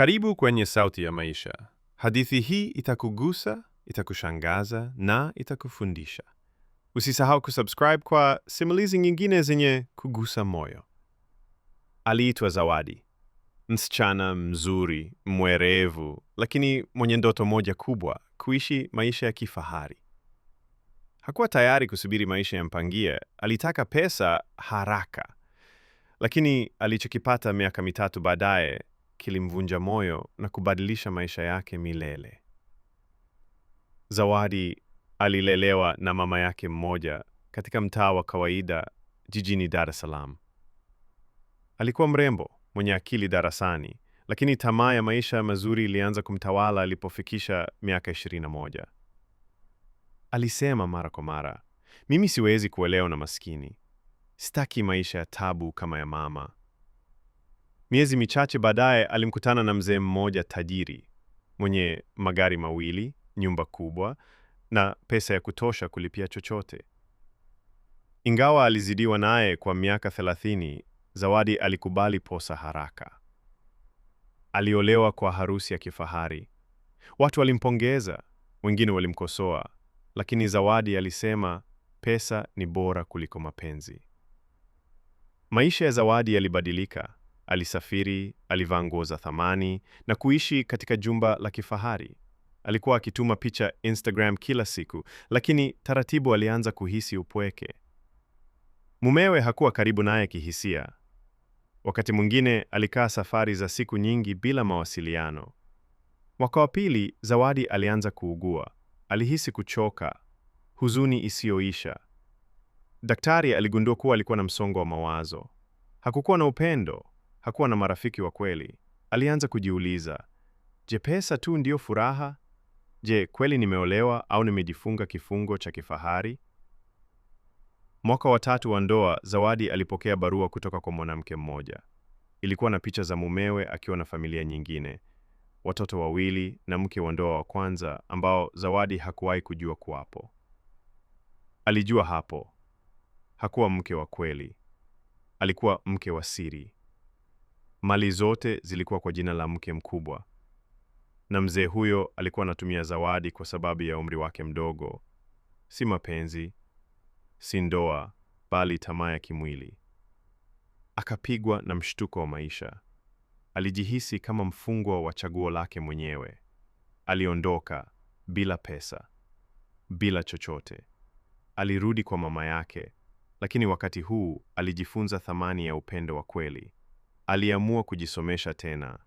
Karibu kwenye Sauti ya Maisha. Hadithi hii itakugusa, itakushangaza na itakufundisha. Usisahau kusubscribe kwa simulizi nyingine zenye kugusa moyo. Aliitwa Zawadi, msichana mzuri, mwerevu, lakini mwenye ndoto moja kubwa: kuishi maisha ya kifahari. Hakuwa tayari kusubiri maisha ya mpangie. Alitaka pesa haraka, lakini alichokipata miaka mitatu baadaye kilimvunja moyo na kubadilisha maisha yake milele. Zawadi alilelewa na mama yake mmoja katika mtaa wa kawaida jijini Dar es Salaam. Alikuwa mrembo, mwenye akili darasani, lakini tamaa ya maisha mazuri ilianza kumtawala alipofikisha miaka 21. Alisema mara kwa mara, mimi siwezi kuolewa na maskini, sitaki maisha ya tabu kama ya mama. Miezi michache baadaye alimkutana na mzee mmoja tajiri mwenye magari mawili, nyumba kubwa na pesa ya kutosha kulipia chochote. Ingawa alizidiwa naye kwa miaka thelathini, Zawadi alikubali posa haraka. Aliolewa kwa harusi ya kifahari. Watu walimpongeza, wengine walimkosoa, lakini Zawadi alisema pesa ni bora kuliko mapenzi. Maisha ya Zawadi yalibadilika. Alisafiri, alivaa nguo za thamani na kuishi katika jumba la kifahari. Alikuwa akituma picha Instagram kila siku, lakini taratibu alianza kuhisi upweke. Mumewe hakuwa karibu naye kihisia. Wakati mwingine alikaa safari za siku nyingi bila mawasiliano. Mwaka wa pili, Zawadi alianza kuugua. Alihisi kuchoka, huzuni isiyoisha. Daktari aligundua kuwa alikuwa na msongo wa mawazo. Hakukuwa na upendo, hakuwa na marafiki wa kweli. Alianza kujiuliza, je, pesa tu ndiyo furaha? Je, kweli nimeolewa au nimejifunga kifungo cha kifahari? Mwaka wa tatu wa ndoa, Zawadi alipokea barua kutoka kwa mwanamke mmoja. Ilikuwa na picha za mumewe akiwa na familia nyingine, watoto wawili na mke wa ndoa wa kwanza ambao Zawadi hakuwahi kujua kuwapo. Alijua hapo hakuwa mke wa kweli, alikuwa mke wa siri. Mali zote zilikuwa kwa jina la mke mkubwa, na mzee huyo alikuwa anatumia zawadi kwa sababu ya umri wake mdogo. Si mapenzi, si ndoa, bali tamaa ya kimwili. Akapigwa na mshtuko wa maisha. Alijihisi kama mfungwa wa chaguo lake mwenyewe. Aliondoka bila pesa, bila chochote. Alirudi kwa mama yake, lakini wakati huu alijifunza thamani ya upendo wa kweli aliamua kujisomesha tena.